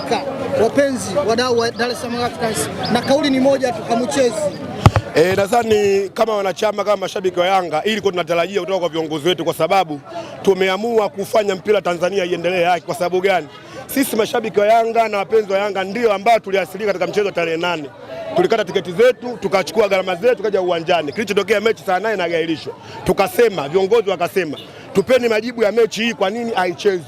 Afrika, wapenzi wadau wa Dar es Salaam Africans, na kauli ni moja tu, hamchezi. E, nadhani kama wanachama kama mashabiki wa Yanga ili kwa tunatarajia kutoka kwa viongozi wetu, kwa sababu tumeamua kufanya mpira Tanzania iendelee haki. Kwa sababu gani? Sisi mashabiki wa Yanga na wapenzi wa Yanga ndio ambao tuliasili katika mchezo wa tarehe nane tulikata tiketi zetu tukachukua gharama zetu kaja uwanjani. Kilichotokea mechi saa nane na gairishwa, tukasema viongozi wakasema, tupeni majibu ya mechi hii, kwa nini haichezi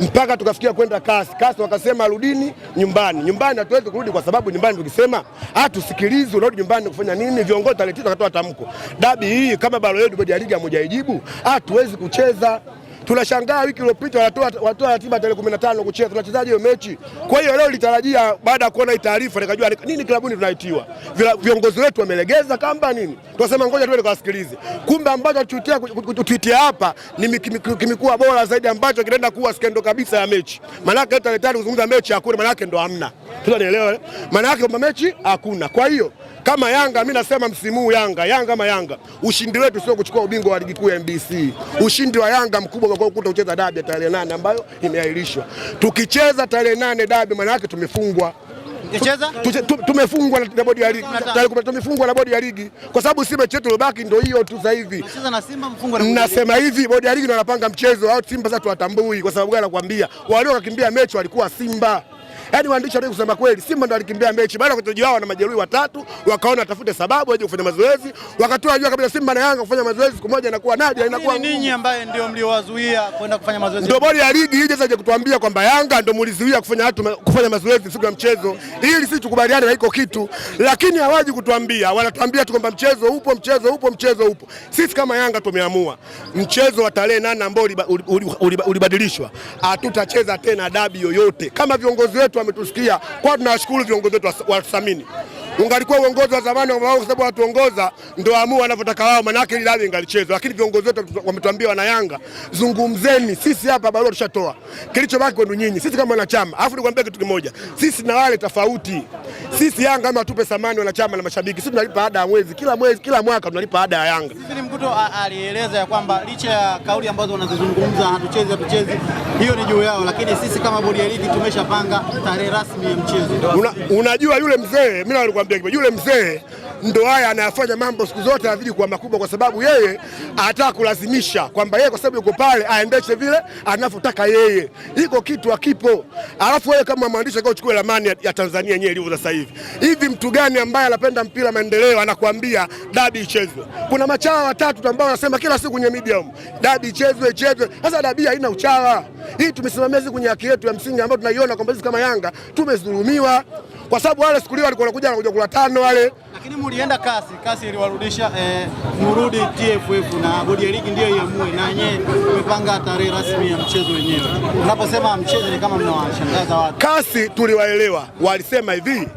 mpaka tukafikia kwenda kasi kasi, wakasema rudini nyumbani. Nyumbani hatuwezi kurudi kwa sababu nyumbani tukisema ah, unarudi nyumbani kufanya nini? Viongozi tisa wakatoa tamko, dabi hii kama balo yetu bodi ya ligi hamoja ijibu, ah, hatuwezi kucheza. Tunashangaa wiki iliyopita wanatoa wanatoa ratiba tarehe 15 kucheza, tunachezaje hiyo mechi? Kwa hiyo leo nilitarajia baada ya kuona hii taarifa nikajua nini klabuni tunaitiwa. Viongozi wetu wamelegeza kamba nini? Tunasema ngoja tuende kuwasikilize. Kumbe ambacho tutia tutia hapa ni kimekuwa bora zaidi ambacho kinaenda kuwa skendo kabisa ya mechi. Maana yake tarehe tano kuzungumza mechi hakuna, maana yake ndo hamna. Tunaelewa. Eh? Maana yake kwamba mechi hakuna. Kwa hiyo kama Yanga, mimi nasema msimu huu Yanga Yanga ama Yanga, ushindi wetu sio kuchukua ubingwa wa ligi kuu ya NBC. Ushindi wa Yanga mkubwa kwa kwa kuto kucheza dabi ya tarehe nane ambayo imeahirishwa. Tukicheza tarehe nane dabi, maana yake tumefungwa tumefungwa na bodi ya ligi, tumefungwa na bodi ya ligi kwa sababu si mechi yetu iliyobaki ndio hiyo tu. Sasa hivi nasema hivi, bodi ya ligi ndio wanapanga mchezo au Simba sasa tuwatambui. Kwa sababu gani? Nakwambia kakimbia mechi walikuwa Simba. Yaani waandishi wa kusema kweli, Simba ndo alikimbia mechi baada ya wachezaji wao na majeruhi watatu, wakaona watafute sababu waje kufanya mazoezi, wakatoa jua kabisa Simba na Yanga kufanya mazoezi siku moja, inakuwa nadi inakuwa ninyi ambaye ndio mliowazuia kwenda kufanya mazoezi. Ndio bodi ya ligi ije sasa kutuambia kwamba Yanga ndio mlizuia kufanya watu kufanya mazoezi siku ya mchezo, ili sisi tukubaliane na iko kitu, lakini hawaji kutuambia, wanatuambia tu kwamba mchezo upo, mchezo upo, mchezo upo. Sisi kama Yanga tumeamua mchezo wa tarehe nane ambao ulibadilishwa, hatutacheza tena dabi yoyote kama viongozi wetu wetu wametusikia, kwa tunashukuru viongozi wetu watuthamini. Ungalikuwa uongozi wa zamani ambao kwa sababu watuongoza ndio amua wanavyotaka wao, maana yake ile ingalichezwa. Lakini viongozi wetu wametuambia, wana Yanga, zungumzeni, sisi hapa barua tushatoa, kilichobaki kwenu nyinyi, sisi kama wanachama. Alafu nikwambie kitu kimoja, sisi na wale tofauti. Sisi Yanga ama tupe samani wanachama na mashabiki, sisi tunalipa ada ya mwezi, kila mwezi, kila mwaka tunalipa ada ya Yanga. Zito alieleza ya kwamba licha ya kauli ambazo wanazizungumza hatuchezi hatuchezi, hiyo ni juu yao, lakini sisi kama bodi ya ligi tumeshapanga tarehe rasmi ya mchezo. Una, unajua yule mzee mimi nilikwambia yule mzee ndo haya anayafanya mambo siku zote anazidi kuwa makubwa, kwa sababu yeye anataka kulazimisha kwamba yeye kwa sababu yuko pale aendeshe vile anavyotaka yeye, iko kitu akipo. Alafu wewe kama mwandishi kwa uchukue ramani ya Tanzania yenyewe ilivyo sasa hivi. Hivi mtu gani ambaye anapenda mpira maendeleo anakuambia dabi ichezwe? Kuna machawa watatu ambao wanasema kila siku kwenye media huko, dabi ichezwe, ichezwe. Sasa dabi haina uchawa hii, tumesimamia kwenye haki yetu ya msingi ambayo tunaiona kwamba sisi kama Yanga tumezulumiwa kwa sababu wale siku hiyo walikuwa wanakuja wanakuja kula tano wale, lakini mlienda kasi kasi iliwarudisha eh, murudi TFF na bodi ya ligi ndio iamue, na yeye imepanga tarehe rasmi ya mchezo wenyewe. Unaposema mchezo ni kama mnawashangaza watu. Kasi tuliwaelewa, walisema hivi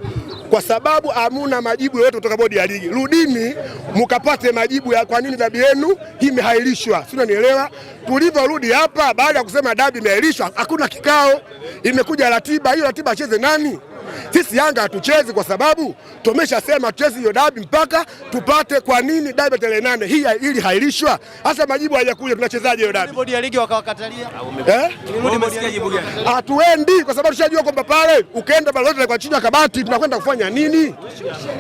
kwa sababu hamuna majibu yoyote kutoka bodi ya ligi, rudini mkapate majibu ya kwa nini dabi yenu hii imehairishwa. Si unanielewa? Tulivyorudi hapa baada ya kusema dabi imehairishwa, hakuna kikao, imekuja ratiba hiyo. Ratiba acheze nani? Sisi Yanga hatuchezi kwa sababu tumeshasema tuchezi hiyo dabi mpaka tupate kwa nini dabi tarehe nane hii ili hailishwa. Hasa majibu hayakuja, tunachezaje hiyo dabi? Bodi ya ligi wakawakatalia, ah, eh? hatuendi kwa sababu tushajua kwamba pale ukienda barua yote kwa chini ya kabati tunakwenda kufanya nini?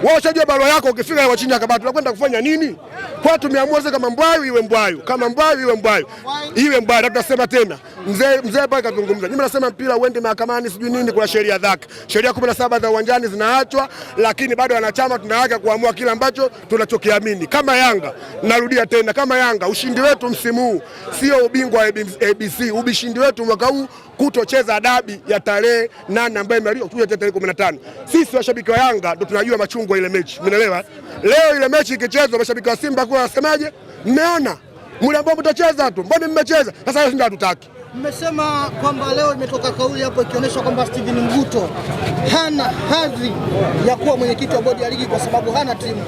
Wewe ushajua barua yako, ukifika kwa chini ya kabati tunakwenda kufanya nini? Kwa tumeamua sasa, kama mbwayo iwe mbwayo, kama mbwayo iwe mbwayo, iwe mbwayo. Tutasema tena mzee mzee pale kazungumza, mimi nasema mpira uende mahakamani, sijui nini, kuna sheria zake, sheria kumi saba za uwanjani zinaachwa, lakini bado wanachama tuna haki kuamua kile ambacho tunachokiamini. Kama Yanga, narudia tena, kama Yanga, ushindi wetu msimu huu sio ubingwa wa ABC. Ubishindi wetu mwaka huu kutocheza dabi ya tarehe nane ambayo imeahirishwa tarehe kumi na tano. Sisi washabiki wa Yanga ndo tunajua machungwa ile mechi, mnaelewa. Leo ile mechi ikichezwa, mashabiki wa Simba kwa wasemaje? Mmeona mule ambao mtacheza tu, mbona mmecheza sasa? Ndio hatutaki Mmesema kwamba leo imetoka kauli hapo ikionyesha kwamba Steven Mguto hana hadhi ya kuwa mwenyekiti wa bodi ya ligi kwa sababu hana timu.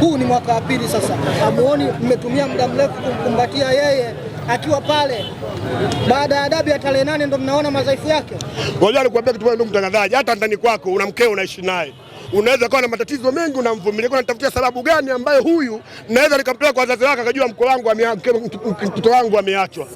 Huu ni mwaka wa pili sasa, hamuoni mmetumia muda mrefu kumkumbatia yeye akiwa pale baada ya dabi ya tarehe nane ndo mnaona madhaifu yake. Ngoja nikuambia kitu, ndugu mtangazaji, hata ndani kwako una mkeo unaishi naye unaweza kuwa na matatizo mengi, unamvumilia. Natafutia sababu gani ambayo huyu naweza nikampeleka kwa wazazi wake, akajua mko wangu mtoto wangu ameachwa.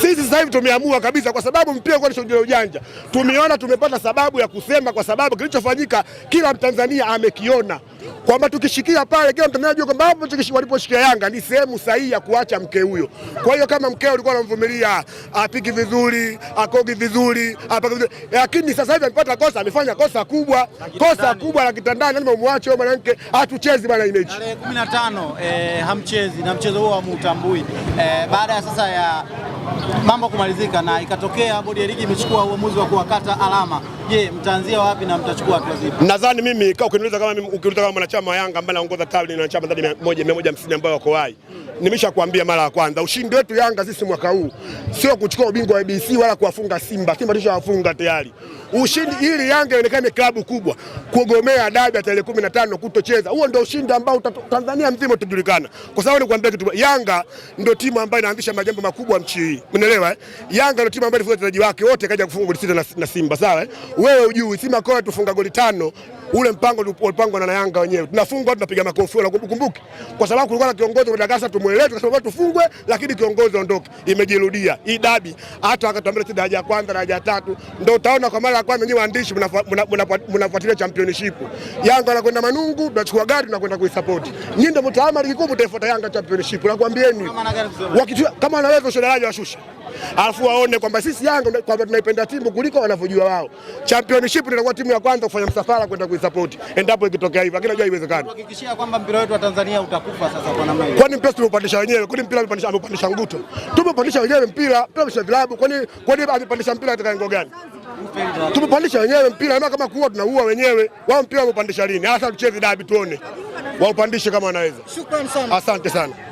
Sisi sasa hivi tumeamua kabisa, kwa sababu mpira kwa ujanja, tumeona tumepata sababu ya kusema, kwa sababu kilichofanyika kila Mtanzania amekiona kwamba tukishikia pale, kila mtu anajua kwamba hapo waliposhikia Yanga ni sehemu sahihi ya kuacha mke huyo. Kwa hiyo kama mkeo alikuwa anamvumilia apiki vizuri, akogi vizuri, apaka vizuri, lakini sasa hivi amepata kosa, amefanya kosa kubwa, kosa kubwa la kitandani, lazima umwache wewe mwanamke. Hatuchezi bwana hii tarehe 15, eh, hamchezi na mchezo huo hamutambui, eh, baada ya sasa ya mambo kumalizika na ikatokea bodi ya ligi imechukua uamuzi wa kuwakata alama, je, mtaanzia wapi na mtachukua hatua zipi? Nadhani mimi ukiniuliza kama mimi, ukiniuliza kama mwanachama wa Yanga ambaye anaongoza tawi na chama ndani ya 150 ambao wako wai Nimeshakwambia mara ya kwanza, ushindi wetu Yanga sisi mwaka huu sio kuchukua ubingwa wa ABC wala kuwafunga Simba. Simba tushawafunga tayari. Ushindi ili Yanga ionekane klabu kubwa, kuogomea dabi ya tarehe 15 kutocheza, huo ndio ushindi ambao Tanzania mzima utajulikana, kwa sababu nikwambia kitu, Yanga ndio timu ambayo inaanzisha majambo makubwa nchi hii, unaelewa eh? Yanga ndio timu ambayo ilifunga wachezaji wake wote kaja kufunga goli sita na, na Simba, sawa eh? Wewe ujui Simba kwa tufunga goli tano ule mpango ulipangwa na Yanga wenyewe, tunafungwa tunapiga makofi, unakumbuka? Kwa sababu kulikuwa na kiongozi wa Dagasa tumu mwelewe, tukasema tufungwe, lakini kiongozi aondoke. Imejirudia hii dabi, hata wakati ambao daraja ya kwanza, daraja ya tatu, ndio utaona kwa mara ya kwanza nyinyi waandishi mnafuatilia championship. Yanga anakwenda Manungu, tunachukua gari tunakwenda kuisupport. Nyinyi ndio mtaamari kikubwa, kuu, mtaifuata Yanga championship. Nakwambieni, kama anaweza usho daraja washusha alafu waone kwamba sisi Yanga kwamba tunaipenda timu kuliko wanavyojua wao. Championship inakuwa timu ya kwanza kufanya msafara kwenda kuisupport endapo ikitokea hivyo, lakini najua haiwezekani. Tuhakikishia kwamba mpira wetu wa Tanzania utakufa sasa kwa namna hiyo. Kwani mpira tumeupandisha wenyewe? Kwani mpira amepandisha nguto? Tumepandisha wenyewe mpira, tumepandisha vilabu. Kwani kwani amepandisha mpira katika ngo gani? Tumepandisha wenyewe mpira, kama kuua tunaua wenyewe, wao mpira wamepandisha lini? Hasa tucheze dabi tuone waupandishe kama wanaweza. Asante sana.